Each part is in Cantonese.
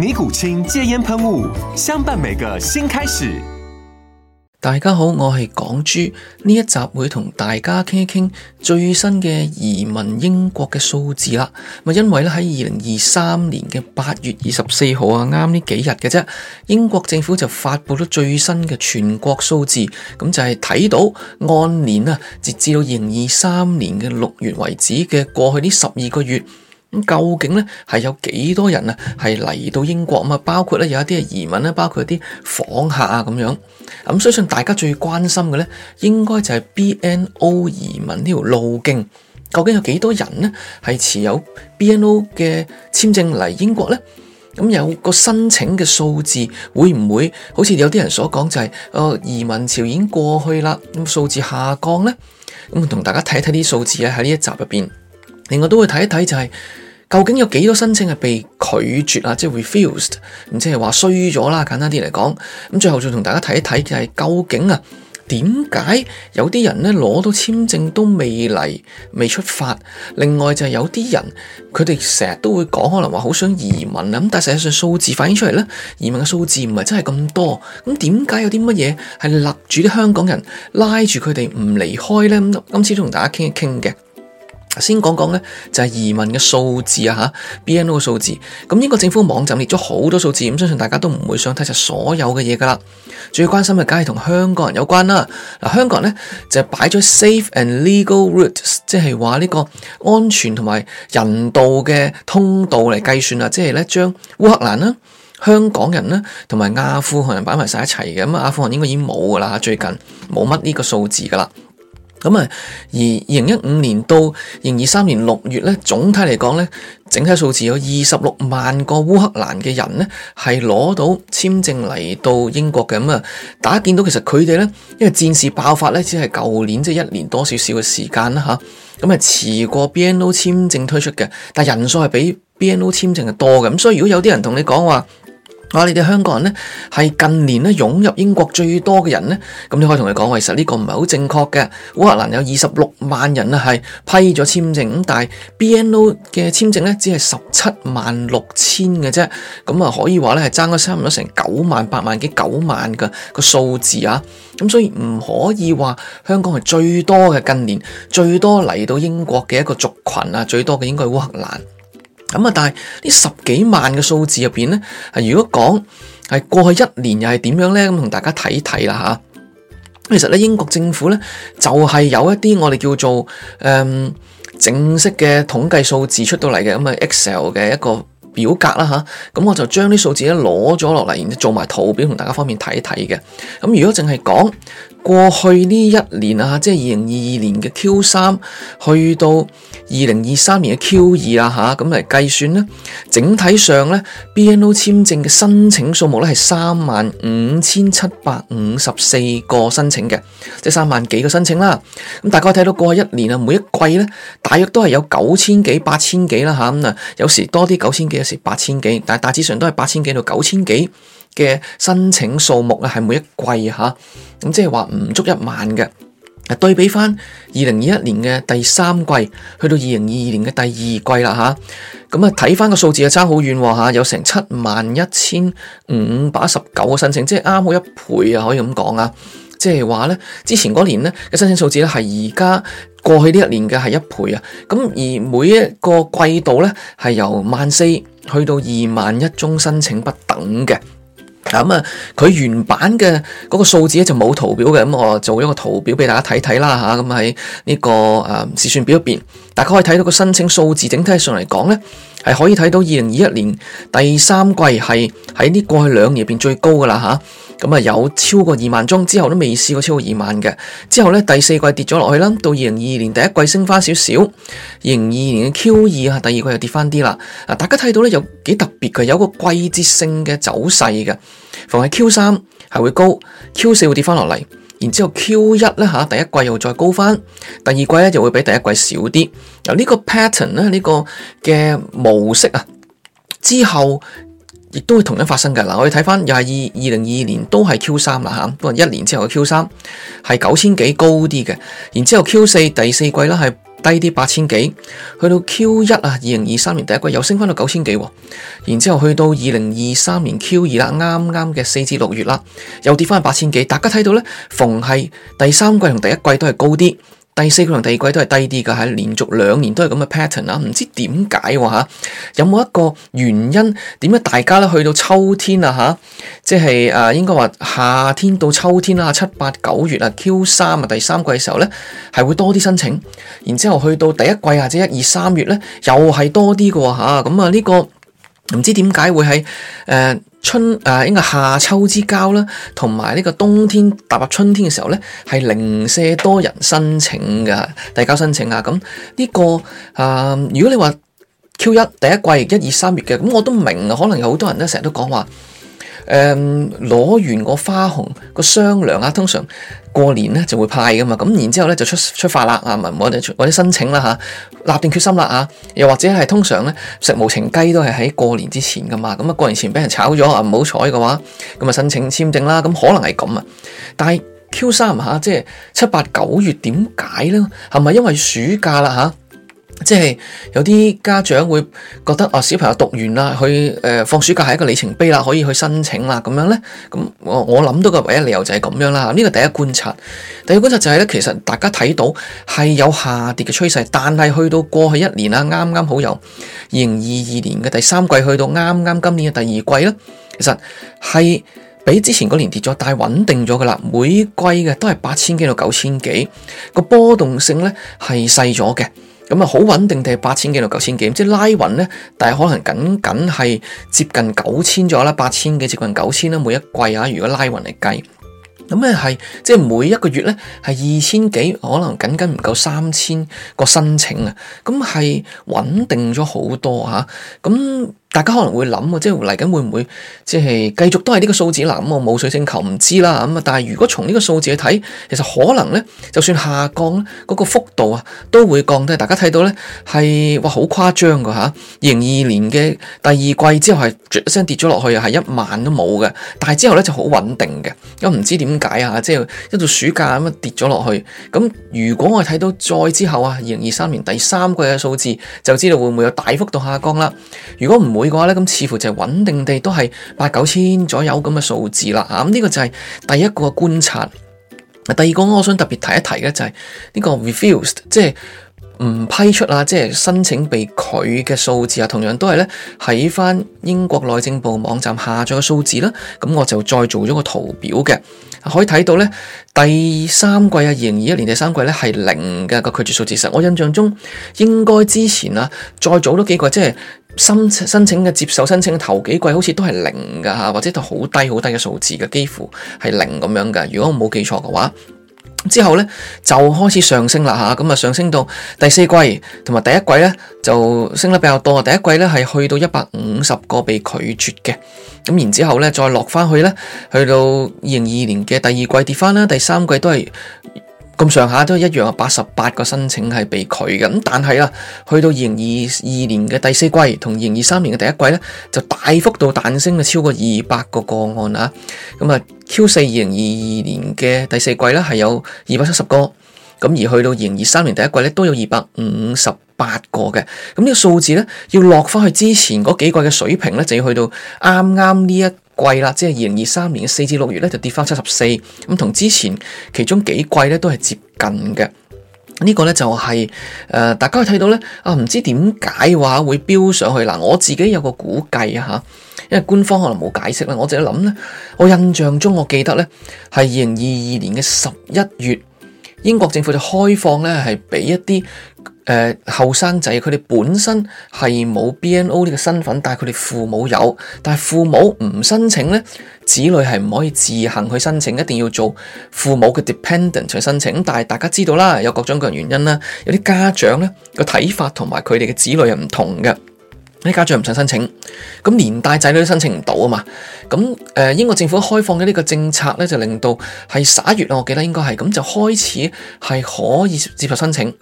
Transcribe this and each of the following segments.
尼古清戒煙噴霧，相伴每個新開始。大家好，我係港豬，呢一集會同大家傾一傾最新嘅移民英國嘅數字啦。咪因為咧喺二零二三年嘅八月二十四號啊，啱呢幾日嘅啫，英國政府就發布咗最新嘅全國數字，咁就係睇到按年啊，截至到二零二三年嘅六月為止嘅過去呢十二個月。咁究竟咧係有幾多人啊？係嚟到英國咁啊？包括咧有一啲移民咧，包括一啲訪客啊咁樣。咁相信大家最關心嘅咧，應該就係 BNO 移民呢條路徑，究竟有幾多人咧係持有 BNO 嘅簽證嚟英國呢？咁有個申請嘅數字會唔會好似有啲人所講就係、是、誒、哦、移民潮已經過去啦？咁數字下降呢？咁啊，同大家睇睇啲數字咧喺呢一集入邊。另外都會睇一睇，就係究竟有幾多申請係被拒絕啊，即係、refused，即係 refused，咁即係話衰咗啦。簡單啲嚟講，咁最後再同大家睇一睇，就係究竟啊點解有啲人咧攞到簽證都未嚟未出發？另外就係有啲人佢哋成日都會講，可能話好想移民啊，咁但係實際上數字反映出嚟咧，移民嘅數字唔係真係咁多。咁點解有啲乜嘢係勒住啲香港人拉住佢哋唔離開咧？咁今次都同大家傾一傾嘅。先講講咧，就係移民嘅數字啊，吓 BNO 嘅數字。咁英國政府網站列咗好多數字，咁相信大家都唔會想睇晒所有嘅嘢噶啦。最關心嘅梗係同香港人有關啦。嗱，香港人咧就係擺咗 safe and legal routes，即係話呢個安全同埋人道嘅通道嚟計算啊。即係咧將烏克蘭啦、香港人啦同埋阿富汗人擺埋晒一齊嘅。咁啊，阿富汗應該已經冇噶啦，最近冇乜呢個數字噶啦。咁啊，而二零一五年到二零二三年六月咧，總體嚟講咧，整體數字有二十六萬個烏克蘭嘅人咧係攞到簽證嚟到英國嘅。咁啊，大家見到其實佢哋咧，因為戰事爆發咧，只係舊年即係一年多少少嘅時間啦吓。咁啊，遲過 BNO 簽證推出嘅，但人數係比 BNO 簽證係多嘅。咁所以如果有啲人同你講話。我哋哋香港人呢，係近年呢，湧入英國最多嘅人呢。咁你可以同佢講，其實呢個唔係好正確嘅。烏克蘭有二十六萬人啊，係批咗簽證，但係 BNO 嘅簽證呢，只係十七萬六千嘅啫，咁啊可以話呢，係爭咗差唔多成九萬八萬幾九萬嘅個數字啊，咁所以唔可以話香港係最多嘅，近年最多嚟到英國嘅一個族群啊，最多嘅應該係烏克蘭。咁啊！但係呢十幾萬嘅數字入邊咧，如果講係過去一年又係點樣呢？咁同大家睇睇啦吓。其實咧，英國政府呢，就係、是、有一啲我哋叫做誒、嗯、正式嘅統計數字出到嚟嘅，咁、嗯、啊 Excel 嘅一個表格啦吓。咁、啊、我就將啲數字咧攞咗落嚟，然之做埋圖表同大家方便睇一睇嘅。咁如果淨係講。過去呢一年啊，即係二零二二年嘅 Q 三去到二零二三年嘅 Q 二啦，嚇咁嚟計算呢，整體上呢 BNO 簽證嘅申請數目呢係三萬五千七百五十四個申請嘅，即係三萬幾個申請啦。咁大家可以睇到過去一年啊，每一季呢，大約都係有九千幾、八千幾啦，嚇咁啊，有時多啲九千幾，有時八千幾，但係大致上都係八千幾到九千幾嘅申請數目啊，係每一季吓，咁、啊、即係話唔足一萬嘅。啊，對比翻二零二一年嘅第三季，去到二零二二年嘅第二季啦吓，咁啊睇翻個數字啊，差好遠喎嚇，有成七萬一千五百一十九個申請，即係啱好一倍啊，可以咁講啊。即係話咧，之前嗰年咧嘅申請數字咧，係而家過去呢一年嘅係一倍啊。咁而每一個季度咧，係由萬四去到二萬一宗申請不等嘅。咁啊，佢、嗯、原版嘅嗰個數字咧就冇圖表嘅，咁、嗯、我做咗個圖表俾大家睇睇啦嚇，咁喺呢個誒試、嗯、算表入邊，大家可以睇到個申請數字，整體上嚟講咧，係可以睇到二零二一年第三季係喺呢過去兩年入邊最高噶啦嚇。啊咁啊、嗯，有超過二萬宗之後都未試過超過二萬嘅。之後呢，第四季跌咗落去啦。到二零二二年第一季升翻少少，二零二二年嘅 Q 二啊，第二季又跌翻啲啦。大家睇到呢，有幾特別嘅，有個季節性嘅走勢嘅。逢係 Q 三係會高，Q 四會跌翻落嚟。然之後 Q 一呢，嚇第一季又再高翻，第二季呢就會比第一季少啲。由呢個 pattern 呢，呢個嘅模式啊，之後。亦都會同樣發生嘅嗱，我哋睇翻又係二二零二二年都係 Q 三啦嚇，不過一年之後嘅 Q 三係九千幾高啲嘅，然之後 Q 四第四季啦係低啲八千幾，去到 Q 一啊二零二三年第一季又升翻到九千幾，然之後去到二零二三年 Q 二啦啱啱嘅四至六月啦又跌翻去八千幾，大家睇到咧，逢係第三季同第一季都係高啲。第四季同第二季都係低啲噶，係連續兩年都係咁嘅 pattern 啊，唔知點解吓，有冇一個原因？點解大家咧去到秋天啊吓，即係誒、啊，應該話夏天到秋天啦，七八九月啊，Q 三啊，第三季嘅時候咧係會多啲申請，然之後去到第一季或者 1, 2, 一二三月咧又係多啲嘅吓，咁啊呢、嗯這個唔知點解會喺誒。呃春啊、呃，應該夏秋之交啦，同埋呢個冬天踏入春天嘅時候咧，係零舍多人申請㗎遞交申請啊。咁呢、這個啊、呃，如果你話 Q 一第一季一二三月嘅，咁我都明，可能有好多人咧成日都講話。誒攞、嗯、完個花紅、個商量啊，通常過年咧就會派噶嘛，咁然之後咧就出出發啦，啊唔冇啲冇啲申請啦嚇、啊，立定決心啦啊，又或者係通常咧食無情雞都係喺過年之前噶嘛，咁啊過年前俾人炒咗啊唔好彩嘅話，咁啊申請簽證啦，咁、啊、可能係咁啊，但係 Q3 嚇即係七八九月點解咧？係咪因為暑假啦嚇？啊即係有啲家長會覺得啊、哦，小朋友讀完啦，去誒、呃、放暑假係一個里程碑啦，可以去申請啦咁樣咧。咁我我諗到嘅唯一理由就係咁樣啦。呢、這個第一觀察，第二觀察就係、是、咧，其實大家睇到係有下跌嘅趨勢，但係去到過去一年啊，啱啱好有二零二二年嘅第三季，去到啱啱今年嘅第二季咧，其實係比之前嗰年跌咗，但係穩定咗㗎喇。每季嘅都係八千幾到九千幾，個波動性咧係細咗嘅。咁啊，好、嗯、穩定，定係八千幾到九千幾，即係拉勻咧。但係可能僅僅係接近九千咗啦，八千幾接近九千啦。每一季啊，如果拉勻嚟計，咁咧係即係每一個月咧係二千幾，可能僅僅唔夠三千個申請、嗯、啊。咁係穩定咗好多吓。咁。大家可能會諗啊，即係嚟緊會唔會即係繼續都係呢個數字啦，咁我冇水晶球唔知啦咁啊！但係如果從呢個數字去睇，其實可能呢，就算下降咧，嗰、嗰個幅度啊都會降低。大家睇到呢，係哇好誇張噶吓，二零二二年嘅第二季之後係一聲跌咗落去，係一萬都冇嘅。但係之後呢，就好穩定嘅，咁唔知點解啊，即係一到暑假咁樣跌咗落去。咁如果我睇到再之後啊，二零二三年第三季嘅數字，就知道會唔會有大幅度下降啦，如果唔會。每個咧，咁似乎就係穩定地都係八九千左右咁嘅數字啦。咁、嗯、呢、這個就係第一個觀察。第二個，我想特別提一提嘅就係呢個 refused，即係唔批出啊，即、就、係、是、申請被拒嘅數字啊，同樣都係咧喺返英國內政部網站下載嘅數字啦。咁我就再做咗個圖表嘅，可以睇到咧第三季啊，二零二一年第三季咧係零嘅個拒絕數字。實我印象中應該之前啊，再早都幾個即係。申請申請嘅接受申請頭幾季好似都係零噶吓，或者都好低好低嘅數字嘅，幾乎係零咁樣嘅。如果我冇記錯嘅話，之後呢就開始上升啦吓，咁啊上升到第四季同埋第一季呢就升得比較多。第一季呢係去到一百五十個被拒絕嘅，咁然之後呢再落翻去呢，去到二零二二年嘅第二季跌翻啦，第三季都係。咁上下都係一樣，八十八個申請係被拒嘅。咁但係啊，去到二零二二年嘅第四季同二零二三年嘅第一季咧，就大幅度彈升，啊超過二百個個案啊。咁啊，Q 四二零二二年嘅第四季咧係有二百七十個，咁而去到二零二三年第一季咧都有二百五十八個嘅。咁呢個數字咧要落翻去之前嗰幾季嘅水平咧，就要去到啱啱呢一季啦，即係二零二三年嘅四至六月咧，就跌翻七十四，咁同之前其中幾季咧都係接近嘅。呢、這個咧就係、是、誒、呃，大家可以睇到咧啊，唔知點解話會飆上去嗱。我自己有個估計啊吓，因為官方可能冇解釋啦。我自己諗咧，我印象中我記得咧係二零二二年嘅十一月，英國政府就開放咧係俾一啲。誒，後生仔佢哋本身係冇 BNO 呢個身份，但係佢哋父母有，但係父母唔申請呢，子女係唔可以自行去申請，一定要做父母嘅 dependent 去申請。但係大家知道啦，有各種各樣原因啦，有啲家長呢個睇法同埋佢哋嘅子女係唔同嘅，啲家長唔想申請，咁連帶仔女都申請唔到啊嘛。咁、呃、英國政府開放嘅呢個政策呢，就令到係十一月啊，我記得應該係咁就開始係可以接受申請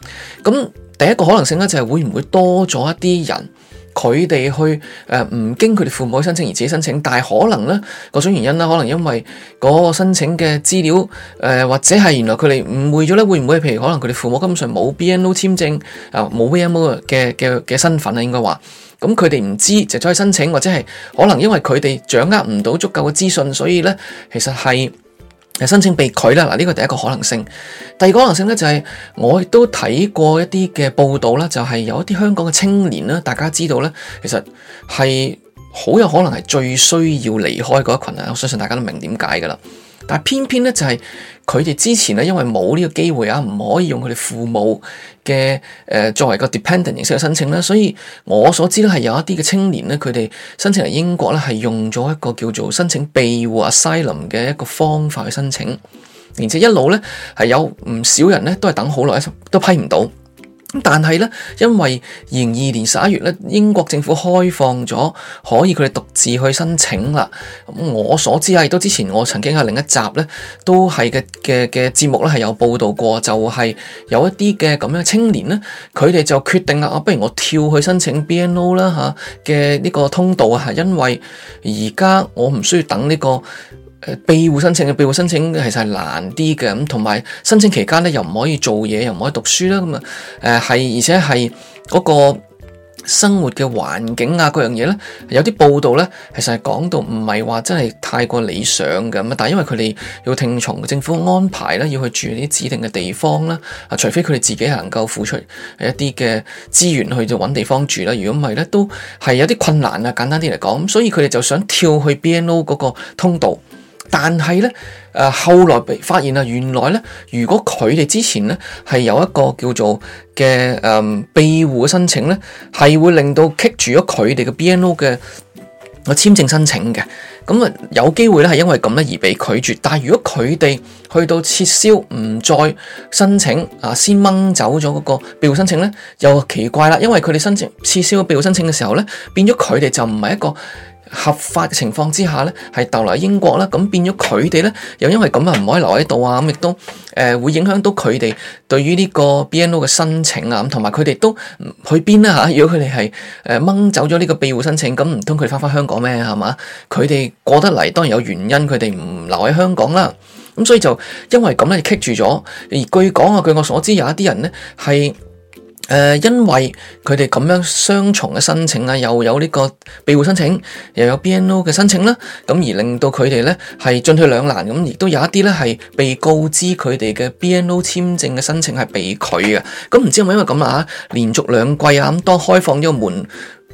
咁。第一個可能性咧，就係會唔會多咗一啲人，佢哋去誒唔、呃、經佢哋父母去申請而自己申請，但係可能呢，嗰種原因啦，可能因為個申請嘅資料誒、呃，或者係原來佢哋誤會咗咧，會唔會？譬如可能佢哋父母根本上冇 BNO 簽證啊，冇 BNO 嘅嘅嘅身份啊，應該話，咁佢哋唔知就再申請，或者係可能因為佢哋掌握唔到足夠嘅資訊，所以咧其實係。申請被拒啦！呢個第一個可能性；第二個可能性呢、就是，就係我亦都睇過一啲嘅報道啦，就係有一啲香港嘅青年啦，大家知道咧，其實係好有可能係最需要離開嗰一群啊！我相信大家都明點解噶啦。但係偏偏咧就係佢哋之前咧，因為冇呢個機會啊，唔可以用佢哋父母嘅誒作為個 dependent 形式去申請啦。所以我所知咧係有一啲嘅青年咧，佢哋申請嚟英國咧係用咗一個叫做申請庇護 asylum 嘅一個方法去申請，而且一路咧係有唔少人咧都係等好耐都批唔到。但係咧，因為二零二二年十一月咧，英國政府開放咗可以佢哋獨自去申請啦。我所知啊，亦都之前我曾經喺另一集咧，都係嘅嘅嘅節目咧，係有報道過，就係、是、有一啲嘅咁樣青年咧，佢哋就決定啦，啊，不如我跳去申請 BNO 啦吓嘅、啊、呢個通道啊，係因為而家我唔需要等呢、呢個。庇護申請，嘅庇護申請其實係難啲嘅。咁，同埋申請期間咧，又唔可以做嘢，又唔可以讀書啦，咁啊誒，係，而且係嗰個生活嘅環境啊，嗰樣嘢咧，有啲報道咧，其實係講到唔係話真係太過理想嘅。咁但係因為佢哋要聽從政府安排咧，要去住啲指定嘅地方啦，啊，除非佢哋自己係能夠付出一啲嘅資源去就揾地方住啦，如果唔係咧都係有啲困難啊。簡單啲嚟講，咁所以佢哋就想跳去 BNO 嗰個通道。但係咧，誒、呃、後來被發現啊，原來咧，如果佢哋之前咧係有一個叫做嘅誒、呃、庇護申請咧，係會令到棘住咗佢哋嘅 BNO 嘅個簽證申請嘅，咁啊有機會咧係因為咁咧而被拒絕。但係如果佢哋去到撤銷唔再申請啊，先掹走咗嗰個庇護申請咧，又奇怪啦，因為佢哋申請撤銷個庇護申請嘅時候咧，變咗佢哋就唔係一個。合法嘅情況之下呢係逗留喺英國啦，咁變咗佢哋呢，又因為咁啊，唔可以留喺度啊，咁亦都誒會影響到佢哋對於呢個 BNO 嘅申請啊，咁同埋佢哋都去邊咧嚇？如果佢哋係誒掹走咗呢個庇護申請，咁唔通佢哋翻返香港咩？係嘛？佢哋過得嚟當然有原因，佢哋唔留喺香港啦。咁所以就因為咁咧，就棘住咗。而據講啊，據我所知，有一啲人呢係。因為佢哋咁樣雙重嘅申請啊，又有呢個庇護申請，又有 BNO 嘅申請啦，咁而令到佢哋咧係進退兩難，咁亦都有一啲咧係被告知佢哋嘅 BNO 簽證嘅申請係被拒嘅，咁唔知係咪因為咁啊？連續兩季啊，咁當開放咗個門。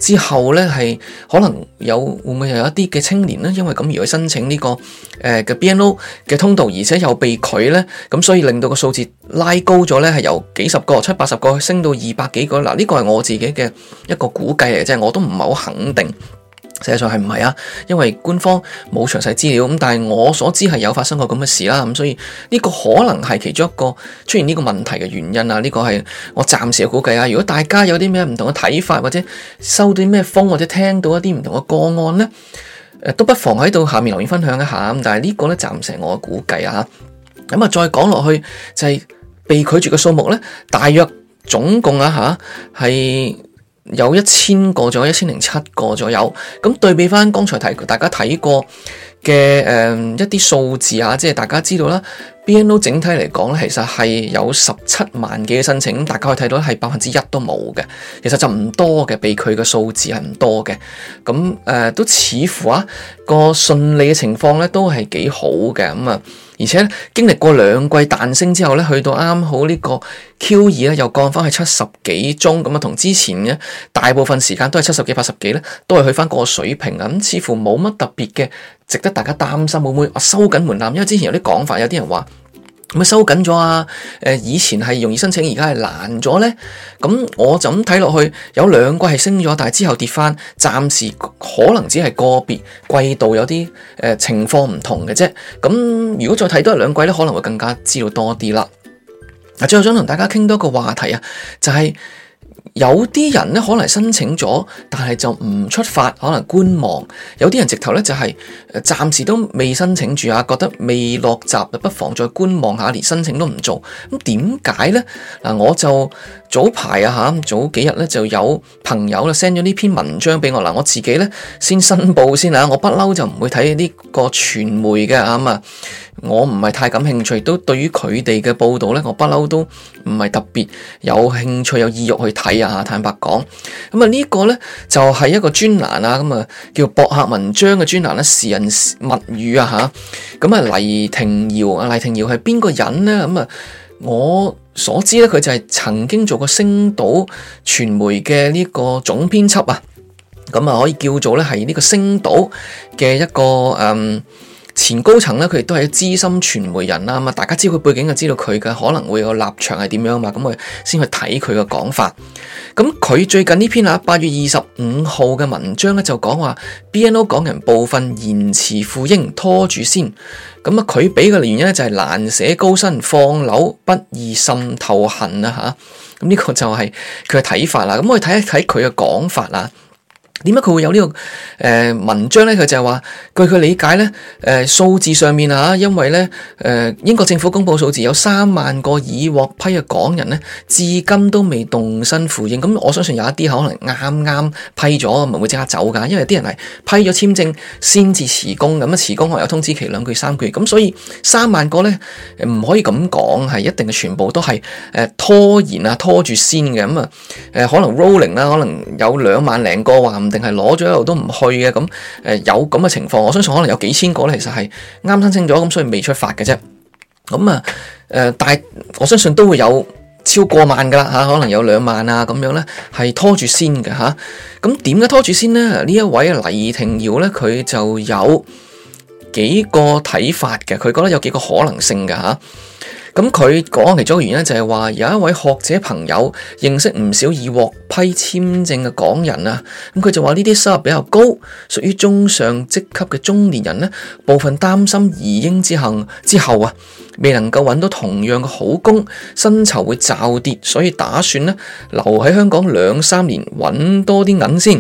之後呢，係可能有會唔會有一啲嘅青年呢，因為咁而去申請呢個誒嘅 BNO 嘅通道，而且又被拒呢。咁所以令到個數字拉高咗呢，係由幾十個、七八十個升到二百幾個。嗱，呢個係我自己嘅一個估計嚟，即係我都唔係好肯定。實際上係唔係啊？因為官方冇詳細資料咁，但係我所知係有發生過咁嘅事啦，咁所以呢個可能係其中一個出現呢個問題嘅原因啊！呢個係我暫時嘅估計啊。如果大家有啲咩唔同嘅睇法，或者收到啲咩風，或者聽到一啲唔同嘅個案呢，都不妨喺度下面留言分享一下。但係呢個咧，暫時係我嘅估計啊。吓，咁啊，再講落去就係被拒絕嘅數目呢，大約總共啊吓係。有一千個左右，一千零七個左右。咁對比翻剛才睇，大家睇過嘅誒一啲數字啊，即係大家知道啦。BNO 整體嚟講咧，其實係有十七萬幾嘅申請，咁大家可以睇到係百分之一都冇嘅，其實就唔多嘅，被拒嘅數字係唔多嘅。咁誒、呃、都似乎啊個順利嘅情況咧都係幾好嘅咁啊。而且經歷過兩季彈升之後呢，去到啱好呢個 Q 二咧，又降翻去七十幾宗咁啊，同之前嘅大部分時間都係七十幾、八十幾呢都係去翻嗰個水平啊，咁、嗯、似乎冇乜特別嘅值得大家擔心會唔會、啊、收緊門檻，因為之前有啲講法，有啲人話。收緊咗啊！誒，以前係容易申請，而家係難咗咧。咁我就咁睇落去，有兩季係升咗，但係之後跌翻，暫時可能只係個別季度有啲誒情況唔同嘅啫。咁如果再睇多兩季咧，可能會更加知道多啲啦。嗱，最後想同大家傾多個話題啊，就係、是。有啲人咧可能申請咗，但係就唔出發，可能觀望。有啲人直頭咧就係誒，暫時都未申請住啊，覺得未落閘，不妨再觀望下，連申請都唔做。咁點解呢？嗱，我就早排啊吓，早幾日咧就有朋友啦 send 咗呢篇文章俾我嗱，我自己咧先申報先啊，我不嬲就唔會睇呢個傳媒嘅啊嘛。我唔係太感興趣，都對於佢哋嘅報道咧，我不嬲都唔係特別有興趣、有意欲去睇啊！坦白講，咁、這、啊、個、呢個咧就係、是、一個專欄啊，咁啊叫博客文章嘅專欄咧，時人物語啊吓，咁啊黎庭耀啊，黎庭耀係邊個人咧？咁啊我所知咧，佢就係曾經做過星島傳媒嘅呢個總編輯啊，咁啊可以叫做咧係呢個星島嘅一個嗯。前高層呢，佢哋都係啲資深傳媒人啦，咁大家知佢背景就知道佢嘅可能會有立場係點樣嘛，咁我先去睇佢嘅講法。咁佢最近呢篇啊，八月二十五號嘅文章呢，就講話 BNO 港人部分延遲赴英拖住先。咁啊，佢俾嘅原因呢，就係難捨高薪放樓不易滲透恨啊吓。咁呢個就係佢嘅睇法啦。咁我哋睇一睇佢嘅講法啦。點解佢會有呢個誒文章咧？佢就係話，據佢理解咧，誒數字上面啊，因為咧，誒、呃、英國政府公佈數字有三萬個已獲批嘅港人咧，至今都未動身赴英。咁我相信有一啲可能啱啱批咗，唔會即刻走㗎。因為啲人係批咗簽證先至辭工，咁啊辭工可能有通知期兩個月三個月。咁所以三萬個咧唔可以咁講，係一定係全部都係誒拖延啊拖住先嘅。咁啊誒可能 rolling 啦，可能有兩萬零個話。唔定係攞咗一路都唔去嘅。咁誒有咁嘅情況，我相信可能有幾千個咧其實係啱申請咗，咁所以未出發嘅啫。咁啊誒，但係我相信都會有超過萬噶啦吓，可能有兩萬啊咁樣咧，係拖住先嘅吓。咁點解拖住先呢？呢一位黎庭耀咧，佢就有幾個睇法嘅，佢覺得有幾個可能性嘅吓。啊咁佢講其中一個原因就係話，有一位學者朋友認識唔少已獲批簽證嘅港人啊，咁佢就話呢啲收入比較高，屬於中上職級嘅中年人呢，部分擔心移英之行之後啊，未能夠揾到同樣嘅好工，薪酬會驟跌，所以打算呢，留喺香港兩三年，揾多啲銀先，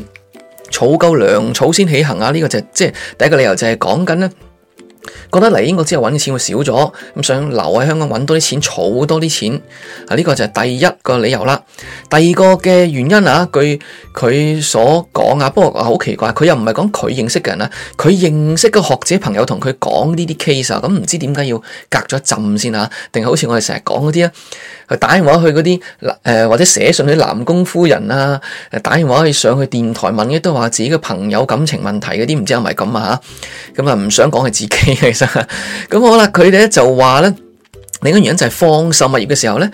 儲夠糧草先起行啊！呢、這個就係、即係第一個理由就呢，就係講緊咧。覺得嚟英國之後揾嘅錢會少咗，咁想留喺香港揾多啲錢，儲多啲錢，啊呢個就係第一個理由啦。第二個嘅原因啊，據佢所講啊，不過好奇怪，佢又唔係講佢認識嘅人啊，佢認識嘅學者朋友同佢講呢啲 case 啊，咁唔知點解要隔咗一浸先啊？定係好似我哋成日講嗰啲啊，佢打電話去嗰啲誒，或者寫信去南宮夫人啊，打電話去上去電台問嘅，都話自己嘅朋友感情問題嗰啲，唔知係咪咁啊吓？咁啊唔、嗯、想講佢自己。其實，咁、 嗯、好啦，佢哋咧就話咧。另一個原因就係放售物業嘅時候呢，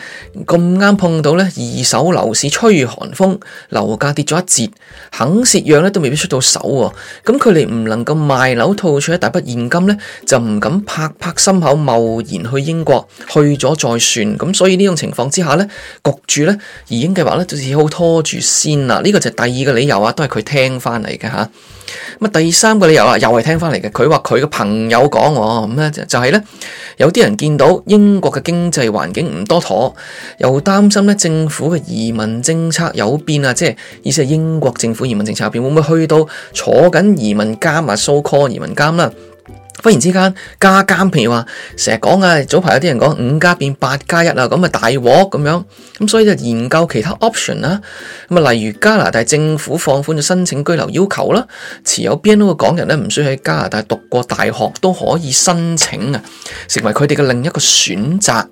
咁啱碰到咧二手樓市吹寒風，樓價跌咗一截，肯蝕讓咧都未必出到手喎，啊。咁佢哋唔能夠賣樓套出一大筆現金呢，就唔敢拍拍心口貿然去英國，去咗再算。咁所以呢種情況之下呢，焗住呢移民計劃呢，就只好拖住先啦。呢、這個就係第二個理由啊，都係佢聽翻嚟嘅吓。咁第三個理由啊，又係聽翻嚟嘅。佢話佢嘅朋友講，啊，咁咧就係呢，有啲人見到英。英國嘅經濟環境唔多妥，又擔心咧政府嘅移民政策有變啊，即係意思係英國政府移民政策有變，會唔會去到坐緊移民監啊？So call 移民監啦！忽然之間加減，譬如話成日講啊，早排有啲人講五加變八加一啊，咁啊大鑊咁樣，咁所以就研究其他 option 啦。咁啊，例如加拿大政府放寬咗申請居留要求啦，持有 BNO 嘅港人咧唔需要喺加拿大讀過大學都可以申請啊，成為佢哋嘅另一個選擇。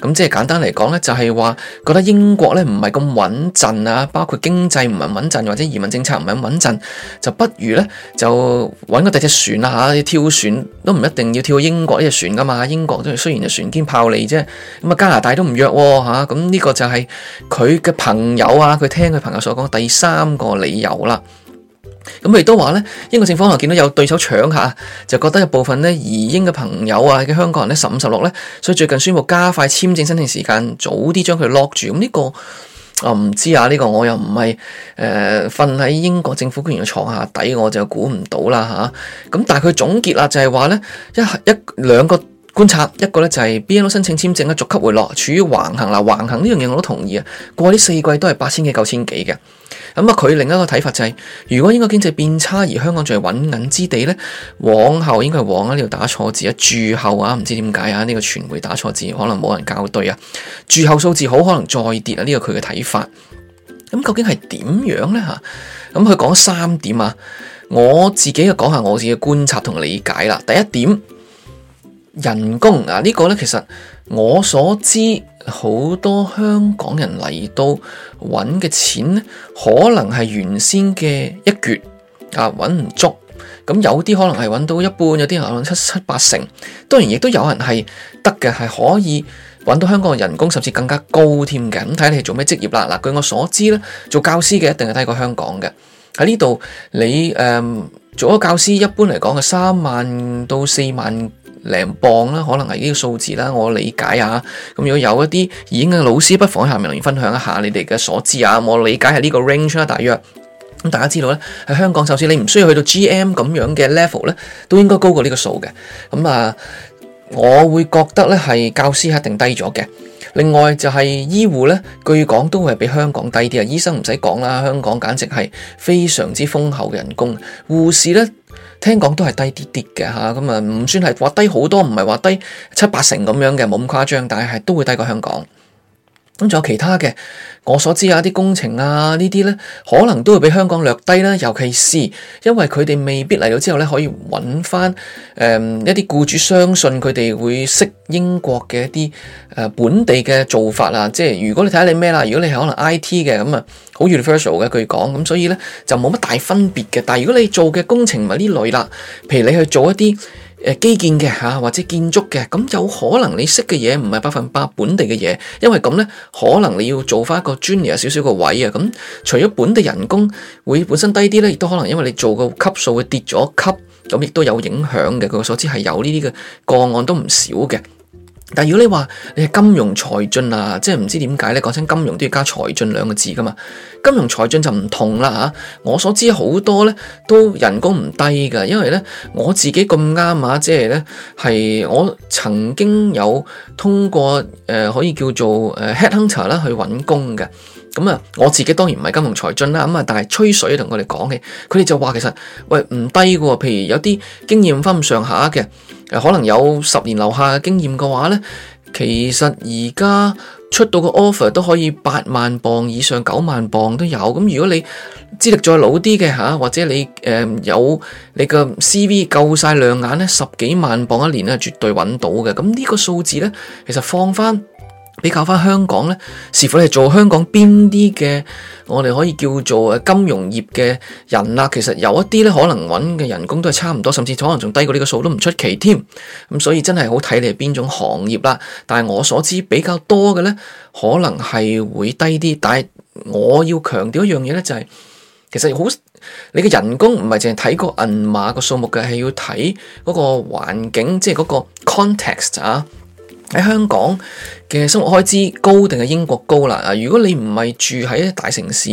咁即係簡單嚟講呢就係話，覺得英國呢唔係咁穩陣啊，包括經濟唔係穩陣，或者移民政策唔係咁穩陣，就不如呢就揾個第二隻船啦吓，跳船都唔一定要跳英國呢隻船噶嘛，英國雖然係船堅炮利啫，咁啊加拿大都唔弱吓，咁呢個就係佢嘅朋友啊，佢聽佢朋友所講第三個理由啦。咁亦都話咧，英國政府可能見到有對手搶下，就覺得有部分咧，移英嘅朋友啊，嘅香港人咧，十五十六咧，所以最近宣布加快簽證申請時間，早啲將佢 lock 住。咁呢個啊唔知啊，呢個我又唔係誒瞓喺英國政府官員嘅床下底，我就估唔到啦嚇。咁但係佢總結啊，就係話咧一一兩個觀察，一個咧就係 BNO 申請簽證咧逐級回落，處於橫行嗱、啊，橫行呢樣嘢我都同意啊，過呢四季都係八千幾、九千幾嘅。咁啊，佢另一個睇法就係、是，如果英國經濟變差，而香港仲係揾銀之地呢，往後應該係往呢度打錯字啊，住後啊，唔知點解啊，呢、這個傳媒打錯字，可能冇人校對啊，住後數字好可能再跌啊，呢個佢嘅睇法。咁究竟係點樣呢？吓？咁佢講咗三點啊，我自己就講下我自己嘅觀察同理解啦。第一點，人工啊呢、這個呢，其實我所知。好多香港人嚟到揾嘅錢咧，可能係原先嘅一橛啊，揾唔足。咁有啲可能係揾到一半，有啲可能七七八成。當然亦都有人係得嘅，係可以揾到香港嘅人工，甚至更加高添嘅。咁睇你係做咩職業啦。嗱，據我所知咧，做教師嘅一定係低過香港嘅。喺呢度你誒、嗯、做咗教師，一般嚟講嘅三萬到四萬。零磅啦，可能係呢個數字啦，我理解下。咁如果有一啲已經嘅老師，不妨喺下面留言分享一下你哋嘅所知啊。我理解係呢個 range 啦，大約。咁大家知道咧，喺香港就算你唔需要去到 GM 咁樣嘅 level 咧，都應該高過呢個數嘅。咁、嗯、啊，我會覺得咧，係教師一定低咗嘅。另外就係醫護咧，據講都會比香港低啲啊。醫生唔使講啦，香港簡直係非常之豐厚嘅人工，護士咧。聽講都係低啲啲嘅嚇，咁啊唔算係話低好多，唔係話低七八成咁樣嘅，冇咁誇張，但係都會低過香港。咁仲有其他嘅，我所知啊，啲工程啊呢啲咧，可能都會比香港略低啦。尤其是因為佢哋未必嚟到之後咧，可以揾翻誒一啲僱主相信佢哋會識英國嘅一啲誒、呃、本地嘅做法啦。即係如果你睇下你咩啦，如果你係可能 IT 嘅咁啊，好 universal 嘅，據講咁，所以咧就冇乜大分別嘅。但係如果你做嘅工程唔係呢類啦，譬如你去做一啲，基建嘅或者建築嘅，咁有可能你識嘅嘢唔係百分百本地嘅嘢，因為咁呢，可能你要做翻一個專業少少個位啊，咁除咗本地人工會本身低啲呢，亦都可能因為你做個級數會跌咗級，咁亦都有影響嘅。據我所知係有呢啲嘅個案都唔少嘅。但如果你話你係金融才俊啊，即係唔知點解咧，講真金融都要加才俊兩個字噶嘛，金融才俊就唔同啦嚇。我所知好多咧都人工唔低噶，因為咧我自己咁啱啊，即係咧係我曾經有通過誒可以叫做誒 headhunter 啦去揾工嘅。咁啊，我自己當然唔係金融才俊啦，咁啊，但係吹水同我哋講嘅，佢哋就話其實喂唔低嘅喎，譬如有啲經驗翻咁上下嘅，可能有十年樓下嘅經驗嘅話咧，其實而家出到個 offer 都可以八萬磅以上，九萬磅都有。咁如果你資歷再老啲嘅嚇，或者你誒有你個 CV 夠晒亮眼咧，十幾萬磅一年咧，絕對揾到嘅。咁呢個數字咧，其實放翻。比較翻香港咧，是否係做香港邊啲嘅我哋可以叫做誒金融業嘅人啦、啊？其實有一啲咧，可能揾嘅人工都係差唔多，甚至可能仲低過呢個數都唔出奇添。咁、嗯、所以真係好睇你係邊種行業啦。但係我所知比較多嘅咧，可能係會低啲。但係我要強調一樣嘢咧，就係、是、其實好你嘅人工唔係淨係睇個銀碼個數目嘅，係要睇嗰個環境，即係嗰個 context 啊。喺香港嘅生活開支高定係英國高啦啊！如果你唔係住喺大城市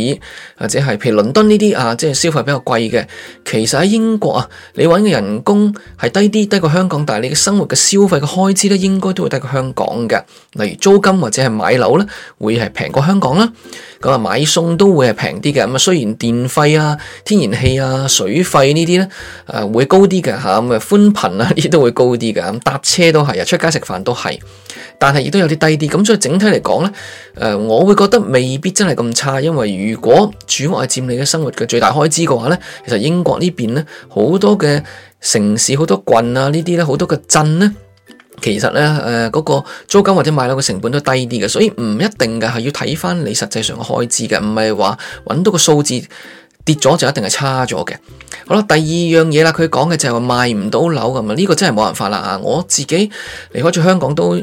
或者係譬如倫敦呢啲啊，即係消費比較貴嘅，其實喺英國啊，你揾嘅人工係低啲，低過香港，但係你嘅生活嘅消費嘅開支咧，應該都會低過香港嘅。例如租金或者係買樓咧，會係平過香港啦。咁啊，買餸都會係平啲嘅。咁啊，雖然電費啊、天然氣啊、水費呢啲咧，誒、啊、會高啲嘅嚇。咁啊，寬頻啊呢啲都會高啲嘅。搭車都係啊，出街食飯都係。但係亦都有啲低啲，咁所以整體嚟講呢，誒、呃、我會覺得未必真係咁差，因為如果住屋係佔你嘅生活嘅最大開支嘅話呢，其實英國呢邊呢，好多嘅城市好多郡啊呢啲呢，好多嘅鎮呢，其實呢，誒、呃、嗰、那個租金或者買樓嘅成本都低啲嘅，所以唔一定嘅，係要睇翻你實際上嘅開支嘅，唔係話揾到個數字。跌咗就一定係差咗嘅，好啦，第二樣嘢啦，佢講嘅就係話賣唔到樓咁啊，呢、呢個真係冇辦法啦啊！我自己離開咗香港都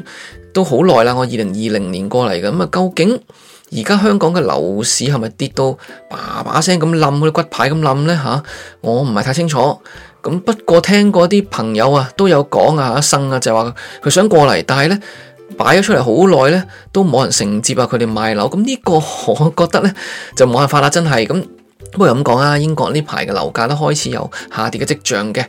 都好耐啦，我二零二零年過嚟嘅，咁啊，究竟而家香港嘅樓市係咪跌到爸爸聲咁冧，好似骨牌咁冧呢？吓、啊？我唔係太清楚，咁不過聽過啲朋友啊都有講啊，阿生啊就話、是、佢想過嚟，但係呢擺咗出嚟好耐呢，都冇人承接啊佢哋賣樓，咁呢個我覺得呢就冇辦法啦，真係咁。不過又咁講啊，英國呢排嘅樓價都開始有下跌嘅迹象嘅，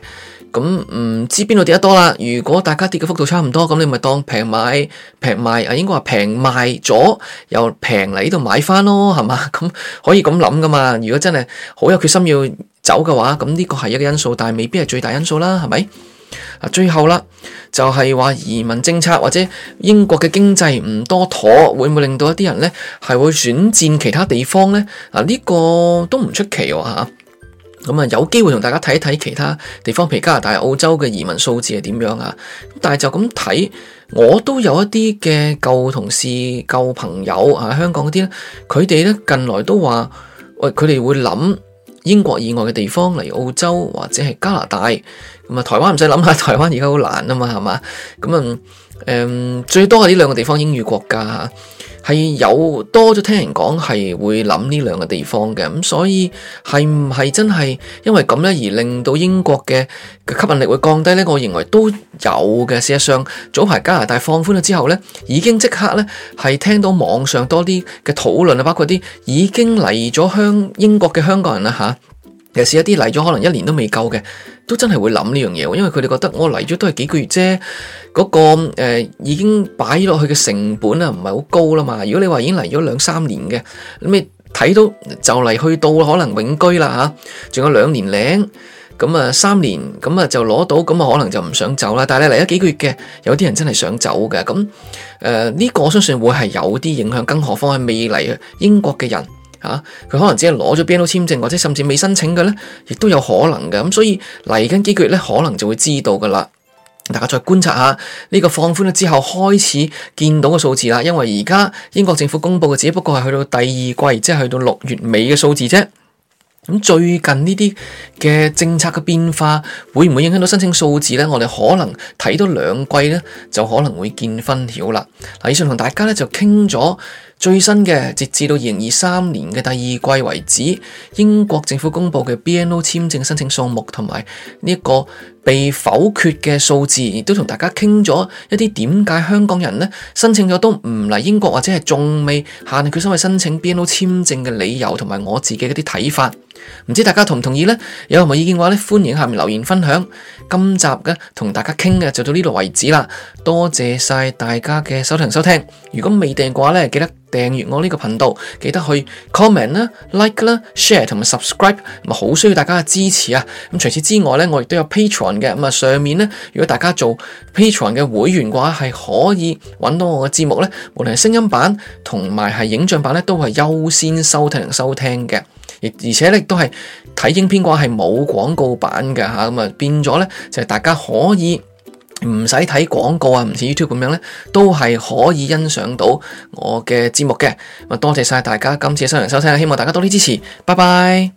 咁唔知邊度跌得多啦。如果大家跌嘅幅度差唔多，咁你咪當平買平賣啊，應該話平賣咗又平嚟呢度買翻咯，係嘛？咁可以咁諗噶嘛。如果真係好有決心要走嘅話，咁呢個係一個因素，但係未必係最大因素啦，係咪？啊，最後啦，就係、是、話移民政策或者英國嘅經濟唔多妥，會唔會令到一啲人呢係會轉戰其他地方呢？這個、啊，呢個都唔出奇吓。咁啊，有機會同大家睇一睇其他地方，譬如加拿大、澳洲嘅移民數字係點樣啊？但係就咁睇，我都有一啲嘅舊同事、舊朋友啊，香港嗰啲咧，佢哋呢近來都話，喂、哎，佢哋會諗英國以外嘅地方嚟澳洲或者係加拿大。咁啊，台灣唔使諗下，台灣而家好難啊嘛，係嘛？咁、嗯、啊，誒最多係呢兩個地方英語國家嚇，係有多咗。聽人講係會諗呢兩個地方嘅，咁，所以係唔係真係因為咁咧而令到英國嘅嘅吸引力會降低咧？我認為都有嘅。事實上早排加拿大放寬咗之後咧，已經即刻咧係聽到網上多啲嘅討論啊，包括啲已經嚟咗香英國嘅香港人啦嚇，尤其是一啲嚟咗可能一年都未夠嘅。都真係會諗呢樣嘢，因為佢哋覺得我嚟咗都係幾個月啫，嗰個誒已經擺落去嘅成本啊唔係好高啦嘛。如果你話已經嚟咗兩三年嘅，咁你睇到就嚟去到可能永居啦嚇，仲有兩年零，咁啊三年，咁啊就攞到，咁啊可能就唔想走啦。但係你嚟咗幾個月嘅，有啲人真係想走嘅。咁誒呢個我相信會係有啲影響，更何況係未嚟英國嘅人。啊！佢可能只係攞咗 BNO 簽證，或者甚至未申請嘅咧，亦都有可能嘅。咁所以嚟緊幾個月咧，可能就會知道噶啦。大家再觀察下呢個放寬咗之後開始見到嘅數字啦。因為而家英國政府公布嘅只不過係去到第二季，即係去到六月尾嘅數字啫。咁最近呢啲嘅政策嘅變化，會唔會影響到申請數字咧？我哋可能睇多兩季咧，就可能會見分曉啦。嗱，以上同大家咧就傾咗。最新嘅，截至到二零二三年嘅第二季為止，英國政府公布嘅 BNO 簽證申請數目同埋呢一個被否決嘅數字，亦都同大家傾咗一啲點解香港人申請咗都唔嚟英國，或者係仲未下定決心去申請 BNO 簽證嘅理由，同埋我自己嗰啲睇法。唔知大家同唔同意呢？有冇意見嘅話呢？歡迎下面留言分享。今集嘅同大家傾嘅就到呢度為止啦。多謝晒大家嘅收聽收聽。如果未訂嘅話呢，記得訂閱我呢個頻道，記得去 comment 啦、like 啦、share 同埋 subscribe，咁啊好需要大家嘅支持啊。咁除此之外呢，我亦都有 Patreon 嘅咁啊。上面呢，如果大家做 Patreon 嘅會員嘅話，係可以揾到我嘅節目呢。無論係聲音版同埋係影像版呢，都係優先收聽收聽嘅。而且呢都係睇影片嘅話係冇廣告版嘅吓，咁啊變咗呢，就係、是、大家可以唔使睇廣告啊，唔似 YouTube 咁樣呢，都係可以欣賞到我嘅節目嘅。咁啊，多謝晒大家今次嘅收聽收聽啦，希望大家多啲支持，拜拜。